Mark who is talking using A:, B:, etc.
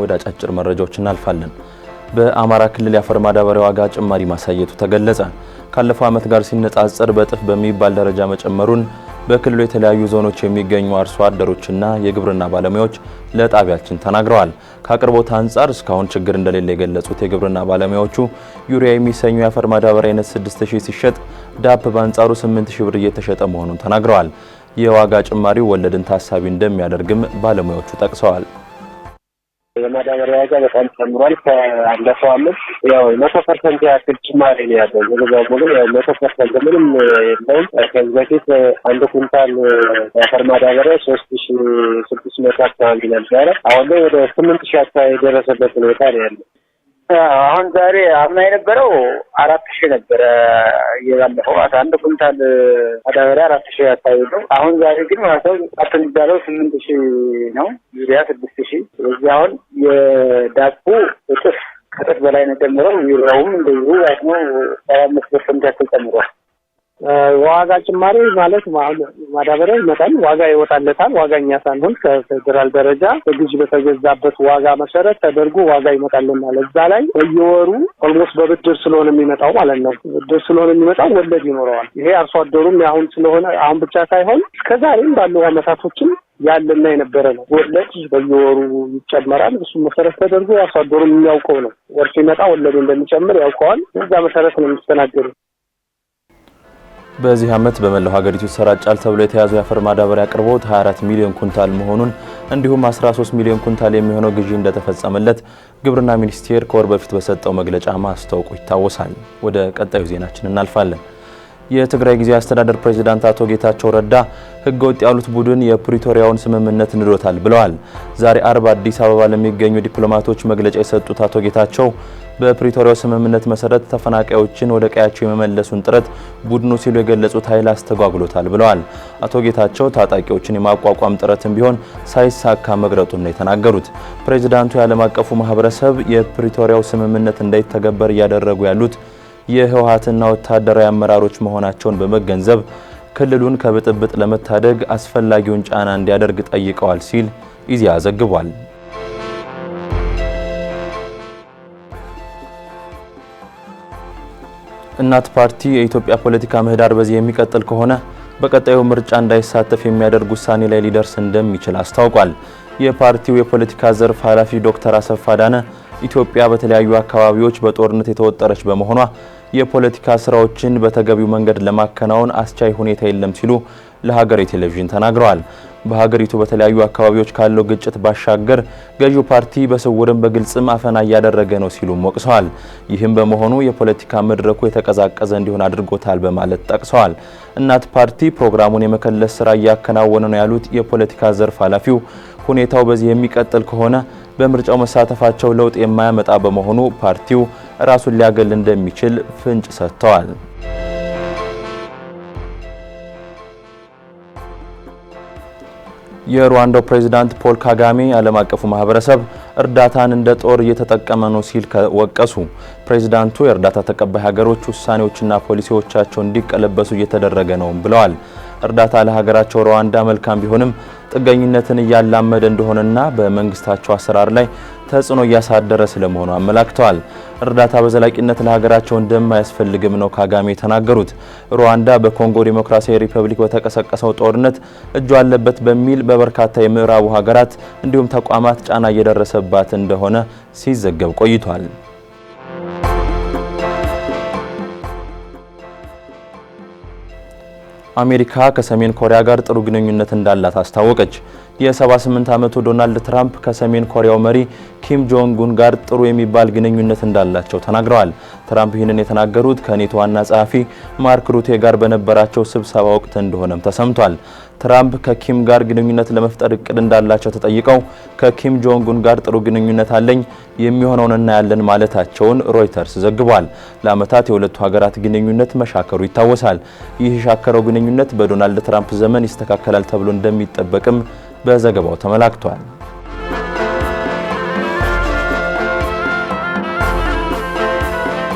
A: ወደ አጫጭር መረጃዎች እናልፋለን። በአማራ ክልል የአፈር ማዳበሪያ ዋጋ ጭማሪ ማሳየቱ ተገለጸ። ካለፈው ዓመት ጋር ሲነጻጸር በእጥፍ በሚባል ደረጃ መጨመሩን በክልሉ የተለያዩ ዞኖች የሚገኙ አርሶ አደሮችና የግብርና ባለሙያዎች ለጣቢያችን ተናግረዋል። ከአቅርቦት አንጻር እስካሁን ችግር እንደሌለ የገለጹት የግብርና ባለሙያዎቹ ዩሪያ የሚሰኙ የአፈር ማዳበሪያ አይነት 6000 ሲሸጥ ዳፕ በአንጻሩ 8000 ብር እየተሸጠ መሆኑን ተናግረዋል። የዋጋ ጭማሪው ወለድን ታሳቢ እንደሚያደርግም ባለሙያዎቹ ጠቅሰዋል።
B: የማዳበሪያ ዋጋ በጣም ጨምሯል። ከአለፈው አመት ያው መቶ ፐርሰንት ያክል ጭማሪ ነው ያለው። በገዛው ግን ያው መቶ ፐርሰንት ምንም የለውም። ከዚህ በፊት አንድ ኩንታል የአፈር ማዳበሪያ ሶስት ሺ ስድስት መቶ አካባቢ ነበረ። አሁን ላይ ወደ ስምንት ሺ አካባቢ የደረሰበት ሁኔታ ነው ያለው። አሁን ዛሬ አምና የነበረው አራት ሺህ ነበረ። የባለፈው አስራ አንድ ኩንታል አዳበሪያ አራት ሺህ ያካባቢ ነው። አሁን ዛሬ ግን ማለት ነው የሚባለው ስምንት ሺህ ነው። ዙሪያ ስድስት ሺህ ስለዚህ አሁን የዳቦ እጥፍ ከጥፍ በላይ ነው ጨምረው። ይረውም እንደዚሁ ያት ነው ሰባ አምስት ፐርሰንት ያክል ጨምሯል።
C: ዋጋ ጭማሪ ማለት ማዳበሪያ ይመጣል፣ ዋጋ ይወጣለታል። ዋጋኛ ሳንሆን ከፌዴራል ደረጃ በግዥ በተገዛበት ዋጋ መሰረት ተደርጎ ዋጋ ይመጣልን ማለት እዛ ላይ በየወሩ ኦልሞስት በብድር ስለሆነ የሚመጣው ማለት ነው። ብድር ስለሆነ የሚመጣው ወለድ ይኖረዋል። ይሄ አርሶ አደሩም አሁን ስለሆነ አሁን ብቻ ሳይሆን እስከዛሬም ባሉ አመታቶችም ያለና የነበረ ነው። ወለድ በየወሩ ይጨመራል። እሱ መሰረት ተደርጎ አርሶ አደሩም የሚያውቀው ነው። ወር ሲመጣ ወለድ እንደሚጨምር ያውቀዋል። እዛ መሰረት ነው የሚስተናገዱ።
A: በዚህ ዓመት በመላው ሀገሪቱ ይሰራጫል ተብሎ የተያዘው የአፈር ማዳበሪያ አቅርቦት 24 ሚሊዮን ኩንታል መሆኑን እንዲሁም 13 ሚሊዮን ኩንታል የሚሆነው ግዢ እንደተፈጸመለት ግብርና ሚኒስቴር ከወር በፊት በሰጠው መግለጫ ማስታወቁ ይታወሳል። ወደ ቀጣዩ ዜናችን እናልፋለን። የትግራይ ጊዜ አስተዳደር ፕሬዚዳንት አቶ ጌታቸው ረዳ ህገ ወጥ ያሉት ቡድን የፕሪቶሪያውን ስምምነት ንዶታል ብለዋል። ዛሬ አርብ አዲስ አበባ ለሚገኙ ዲፕሎማቶች መግለጫ የሰጡት አቶ ጌታቸው በፕሪቶሪያው ስምምነት መሰረት ተፈናቃዮችን ወደ ቀያቸው የመመለሱን ጥረት ቡድኑ ሲሉ የገለጹት ኃይል አስተጓጉሎታል ብለዋል። አቶ ጌታቸው ታጣቂዎችን የማቋቋም ጥረትም ቢሆን ሳይሳካ መቅረቱን ነው የተናገሩት። ፕሬዚዳንቱ የዓለም አቀፉ ማህበረሰብ የፕሪቶሪያው ስምምነት እንዳይተገበር እያደረጉ ያሉት የህወሀትና ወታደራዊ አመራሮች መሆናቸውን በመገንዘብ ክልሉን ከብጥብጥ ለመታደግ አስፈላጊውን ጫና እንዲያደርግ ጠይቀዋል ሲል ኢዜአ ዘግቧል። እናት ፓርቲ የኢትዮጵያ ፖለቲካ ምህዳር በዚህ የሚቀጥል ከሆነ በቀጣዩ ምርጫ እንዳይሳተፍ የሚያደርግ ውሳኔ ላይ ሊደርስ እንደሚችል አስታውቋል። የፓርቲው የፖለቲካ ዘርፍ ኃላፊ ዶክተር አሰፋ ዳነ ኢትዮጵያ በተለያዩ አካባቢዎች በጦርነት የተወጠረች በመሆኗ የፖለቲካ ስራዎችን በተገቢው መንገድ ለማከናወን አስቻይ ሁኔታ የለም ሲሉ ለሀገሬ ቴሌቪዥን ተናግረዋል። በሀገሪቱ በተለያዩ አካባቢዎች ካለው ግጭት ባሻገር ገዢው ፓርቲ በስውርም በግልጽም አፈና እያደረገ ነው ሲሉም ወቅሰዋል። ይህም በመሆኑ የፖለቲካ መድረኩ የተቀዛቀዘ እንዲሆን አድርጎታል በማለት ጠቅሰዋል። እናት ፓርቲ ፕሮግራሙን የመከለስ ስራ እያከናወነ ነው ያሉት የፖለቲካ ዘርፍ ኃላፊው ሁኔታው በዚህ የሚቀጥል ከሆነ በምርጫው መሳተፋቸው ለውጥ የማያመጣ በመሆኑ ፓርቲው ራሱን ሊያገል እንደሚችል ፍንጭ ሰጥተዋል። የሩዋንዳው ፕሬዝዳንት ፖል ካጋሜ ዓለም አቀፉ ማህበረሰብ እርዳታን እንደ ጦር እየተጠቀመ ነው ሲል ወቀሱ። ፕሬዝዳንቱ የእርዳታ ተቀባይ ሀገሮች ውሳኔዎችና ፖሊሲዎቻቸው እንዲቀለበሱ እየተደረገ ነው ብለዋል። እርዳታ ለሀገራቸው ሩዋንዳ መልካም ቢሆንም ጥገኝነትን እያላመደ እንደሆነና በመንግስታቸው አሰራር ላይ ተጽዕኖ እያሳደረ ስለመሆኑ አመላክተዋል። እርዳታ በዘላቂነት ለሀገራቸው እንደማያስፈልግም ነው ካጋሜ የተናገሩት። ሩዋንዳ በኮንጎ ዲሞክራሲያዊ ሪፐብሊክ በተቀሰቀሰው ጦርነት እጁ አለበት በሚል በበርካታ የምዕራቡ ሀገራት እንዲሁም ተቋማት ጫና እየደረሰባት እንደሆነ ሲዘገብ ቆይቷል። አሜሪካ ከሰሜን ኮሪያ ጋር ጥሩ ግንኙነት እንዳላት አስታወቀች። የ78 ዓመቱ ዶናልድ ትራምፕ ከሰሜን ኮሪያው መሪ ኪም ጆንግ ኡን ጋር ጥሩ የሚባል ግንኙነት እንዳላቸው ተናግረዋል። ትራምፕ ይህንን የተናገሩት ከኔቶ ዋና ጸሐፊ ማርክ ሩቴ ጋር በነበራቸው ስብሰባ ወቅት እንደሆነም ተሰምቷል። ትራምፕ ከኪም ጋር ግንኙነት ለመፍጠር እቅድ እንዳላቸው ተጠይቀው ከኪም ጆንጉን ጋር ጥሩ ግንኙነት አለኝ፣ የሚሆነውን እናያለን ማለታቸውን ሮይተርስ ዘግቧል። ለአመታት የሁለቱ ሀገራት ግንኙነት መሻከሩ ይታወሳል። ይህ የሻከረው ግንኙነት በዶናልድ ትራምፕ ዘመን ይስተካከላል ተብሎ እንደሚጠበቅም በዘገባው ተመላክቷል።